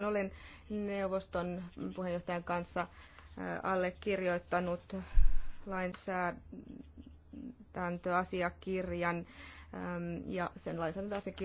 olen neuvoston puheenjohtajan kanssa äh, allekirjoittanut lainsäädäntöasiakirjan ähm, ja sen lainsäädäntöasiakirjan